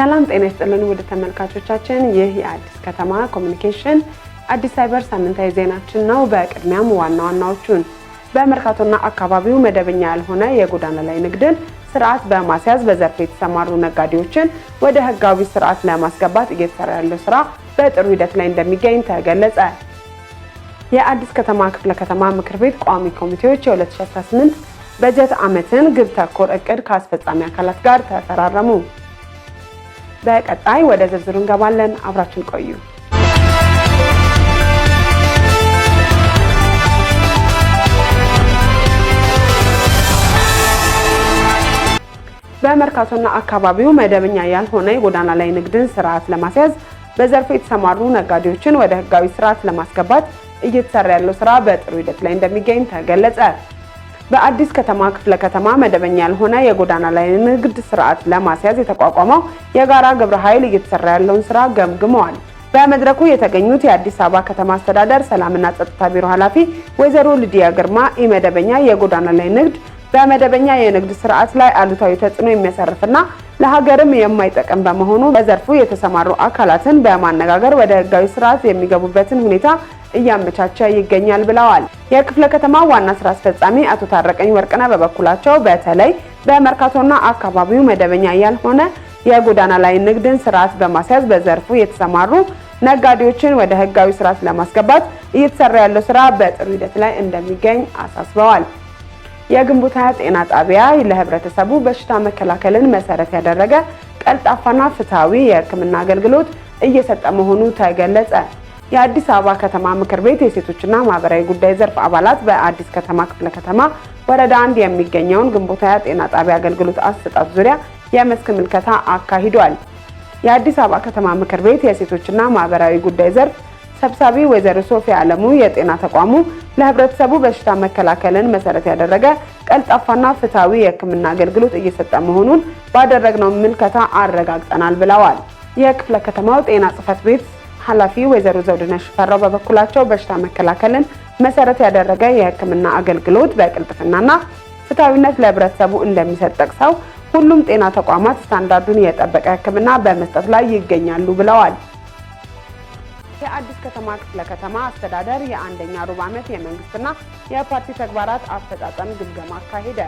ሰላም ጤና ይስጥልን ውድ ተመልካቾቻችን፣ ይህ የአዲስ ከተማ ኮሚኒኬሽን አዲስ ሳይበር ሳምንታዊ ዜናችን ነው። በቅድሚያም ዋና ዋናዎቹን በመርካቶና አካባቢው መደበኛ ያልሆነ የጎዳና ላይ ንግድን ስርዓት በማስያዝ በዘርፍ የተሰማሩ ነጋዴዎችን ወደ ህጋዊ ስርዓት ለማስገባት እየተሰራ ያለው ስራ በጥሩ ሂደት ላይ እንደሚገኝ ተገለጸ። የአዲስ ከተማ ክፍለ ከተማ ምክር ቤት ቋሚ ኮሚቴዎች የ2018 በጀት ዓመትን ግብ ተኮር እቅድ ከአስፈጻሚ አካላት ጋር ተፈራረሙ። በቀጣይ ወደ ዝርዝሩ እንገባለን። አብራችን ቆዩ። በመርካቶና አካባቢው መደበኛ ያልሆነ የጎዳና ላይ ንግድን ስርዓት ለማስያዝ በዘርፉ የተሰማሩ ነጋዴዎችን ወደ ሕጋዊ ስርዓት ለማስገባት እየተሰራ ያለው ስራ በጥሩ ሂደት ላይ እንደሚገኝ ተገለጸ። በአዲስ ከተማ ክፍለ ከተማ መደበኛ ያልሆነ የጎዳና ላይ ንግድ ስርዓት ለማስያዝ የተቋቋመው የጋራ ግብረ ኃይል እየተሰራ ያለውን ስራ ገምግመዋል። በመድረኩ የተገኙት የአዲስ አበባ ከተማ አስተዳደር ሰላምና ጸጥታ ቢሮ ኃላፊ ወይዘሮ ልዲያ ግርማ ኢመደበኛ የጎዳና ላይ ንግድ በመደበኛ የንግድ ስርዓት ላይ አሉታዊ ተጽዕኖ የሚያሳርፍና ለሀገርም የማይጠቅም በመሆኑ በዘርፉ የተሰማሩ አካላትን በማነጋገር ወደ ህጋዊ ስርዓት የሚገቡበትን ሁኔታ እያመቻቸ ይገኛል ብለዋል። የክፍለ ከተማ ዋና ስራ አስፈጻሚ አቶ ታረቀኝ ወርቅነህ በበኩላቸው በተለይ በመርካቶና አካባቢው መደበኛ ያልሆነ የጎዳና ላይ ንግድን ስርዓት በማስያዝ በዘርፉ የተሰማሩ ነጋዴዎችን ወደ ህጋዊ ስርዓት ለማስገባት እየተሰራ ያለው ስራ በጥሩ ሂደት ላይ እንደሚገኝ አሳስበዋል። የግንቦት ሃያ ጤና ጣቢያ ለህብረተሰቡ በሽታ መከላከልን መሰረት ያደረገ ቀልጣፋና ፍትሐዊ የህክምና አገልግሎት እየሰጠ መሆኑ ተገለጸ። የአዲስ አበባ ከተማ ምክር ቤት የሴቶችና ማህበራዊ ጉዳይ ዘርፍ አባላት በአዲስ ከተማ ክፍለ ከተማ ወረዳ አንድ የሚገኘውን ግንቦት ሃያ ጤና ጣቢያ አገልግሎት አሰጣጥ ዙሪያ የመስክ ምልከታ አካሂዷል። የአዲስ አበባ ከተማ ምክር ቤት የሴቶችና ማህበራዊ ጉዳይ ዘርፍ ሰብሳቢ ወይዘሮ ሶፊያ አለሙ የጤና ተቋሙ ለህብረተሰቡ በሽታ መከላከልን መሰረት ያደረገ ቀልጣፋና ፍትሐዊ የህክምና አገልግሎት እየሰጠ መሆኑን ባደረግነው ምልከታ አረጋግጠናል ብለዋል። የክፍለ ከተማው ጤና ጽህፈት ቤት ኃላፊ ወይዘሮ ዘውድነሽ ፈራው በበኩላቸው በሽታ መከላከልን መሰረት ያደረገ የህክምና አገልግሎት በቅልጥፍናና ፍትሐዊነት ለህብረተሰቡ እንደሚሰጥ ጠቅሰው ሁሉም ጤና ተቋማት ስታንዳርዱን የጠበቀ ህክምና በመስጠት ላይ ይገኛሉ ብለዋል። የአዲስ ከተማ ክፍለ ከተማ አስተዳደር የአንደኛ ሩብ ዓመት የመንግስትና የፓርቲ ተግባራት አፈጻጸም ግምገማ አካሄደ።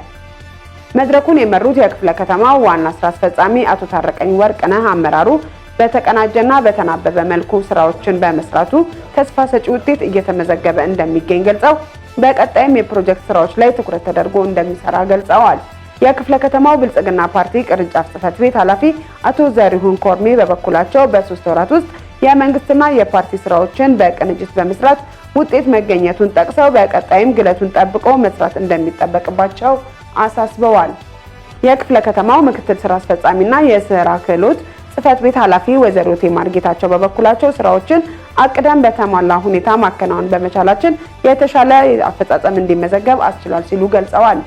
መድረኩን የመሩት የክፍለ ከተማው ዋና ስራ አስፈጻሚ አቶ ታረቀኝ ወርቅነህ አመራሩ በተቀናጀና በተናበበ መልኩ ስራዎችን በመስራቱ ተስፋ ሰጪ ውጤት እየተመዘገበ እንደሚገኝ ገልጸው በቀጣይም የፕሮጀክት ስራዎች ላይ ትኩረት ተደርጎ እንደሚሰራ ገልጸዋል። የክፍለ ከተማው ብልጽግና ፓርቲ ቅርንጫፍ ጽህፈት ቤት ኃላፊ አቶ ዘሪሁን ኮርሜ በበኩላቸው በሶስት ወራት ውስጥ የመንግስትና የፓርቲ ስራዎችን በቅንጅት በመስራት ውጤት መገኘቱን ጠቅሰው በቀጣይም ግለቱን ጠብቆ መስራት እንደሚጠበቅባቸው አሳስበዋል። የክፍለ ከተማው ምክትል ስራ አስፈጻሚና የስራ ክህሎት ጽህፈት ቤት ኃላፊ ወይዘሮ ቴማር ጌታቸው በበኩላቸው ስራዎችን አቅደን በተሟላ ሁኔታ ማከናወን በመቻላችን የተሻለ አፈጻጸም እንዲመዘገብ አስችሏል ሲሉ ገልጸዋል።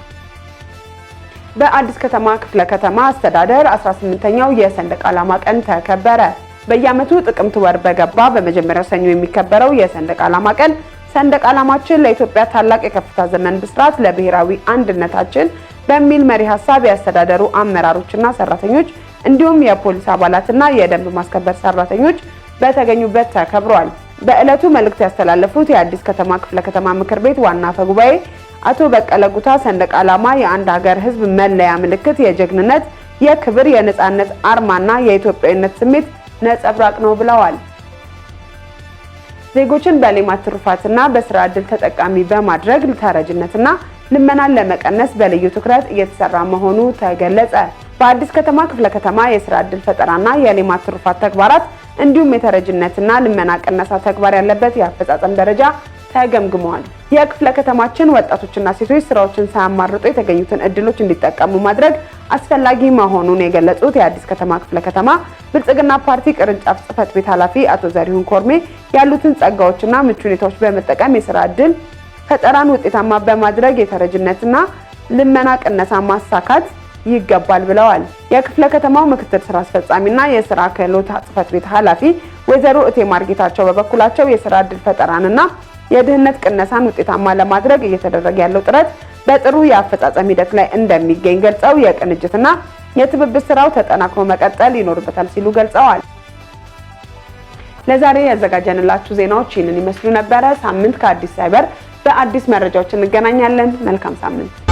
በአዲስ ከተማ ክፍለ ከተማ አስተዳደር 18ኛው የሰንደቅ ዓላማ ቀን ተከበረ። በየዓመቱ ጥቅምት ወር በገባ በመጀመሪያው ሰኞ የሚከበረው የሰንደቅ ዓላማ ቀን ሰንደቅ ዓላማችን ለኢትዮጵያ ታላቅ የከፍታ ዘመን ብስራት ለብሔራዊ አንድነታችን በሚል መሪ ሀሳብ የአስተዳደሩ አመራሮችና ሰራተኞች እንዲሁም የፖሊስ አባላትና የደንብ ማስከበር ሰራተኞች በተገኙበት ተከብሯል። በዕለቱ መልእክት ያስተላለፉት የአዲስ ከተማ ክፍለ ከተማ ምክር ቤት ዋና አፈ ጉባኤ አቶ በቀለ ጉታ ሰንደቅ ዓላማ የአንድ ሀገር ሕዝብ መለያ ምልክት፣ የጀግንነት፣ የክብር፣ የነፃነት አርማና የኢትዮጵያዊነት ስሜት ነጸብራቅ ነው ብለዋል። ዜጎችን በሌማት ትሩፋትና በስራ ዕድል ተጠቃሚ በማድረግ ተረጅነትና ልመናን ለመቀነስ በልዩ ትኩረት እየተሰራ መሆኑ ተገለጸ። በአዲስ ከተማ ክፍለ ከተማ የስራ ዕድል ፈጠራና የሌማት ትሩፋት ተግባራት እንዲሁም የተረጅነትና ልመና ቅነሳ ተግባር ያለበት የአፈጻጸም ደረጃ ተገምግመዋል። የክፍለ ከተማችን ወጣቶችና ሴቶች ስራዎችን ሳያማርጡ የተገኙትን እድሎች እንዲጠቀሙ ማድረግ አስፈላጊ መሆኑን የገለጹት የአዲስ ከተማ ክፍለ ከተማ ብልጽግና ፓርቲ ቅርንጫፍ ጽህፈት ቤት ኃላፊ አቶ ዘሪሁን ኮርሜ ያሉትን ጸጋዎችና ምቹ ሁኔታዎች በመጠቀም የስራ እድል ፈጠራን ውጤታማ በማድረግ የተረጅነትና ልመና ቅነሳ ማሳካት ይገባል ብለዋል። የክፍለ ከተማው ምክትል ስራ አስፈጻሚና የስራ ክህሎት ጽህፈት ቤት ኃላፊ ወይዘሮ እቴ ማርጌታቸው በበኩላቸው የስራ እድል ፈጠራንና የድህነት ቅነሳን ውጤታማ ለማድረግ እየተደረገ ያለው ጥረት በጥሩ የአፈጻጸም ሂደት ላይ እንደሚገኝ ገልጸው የቅንጅትና የትብብር ስራው ተጠናክሮ መቀጠል ይኖርበታል ሲሉ ገልጸዋል። ለዛሬ ያዘጋጀንላችሁ ዜናዎች ይህንን ይመስሉ ነበረ። ሳምንት ከአዲስ ሳይበር በአዲስ መረጃዎች እንገናኛለን። መልካም ሳምንት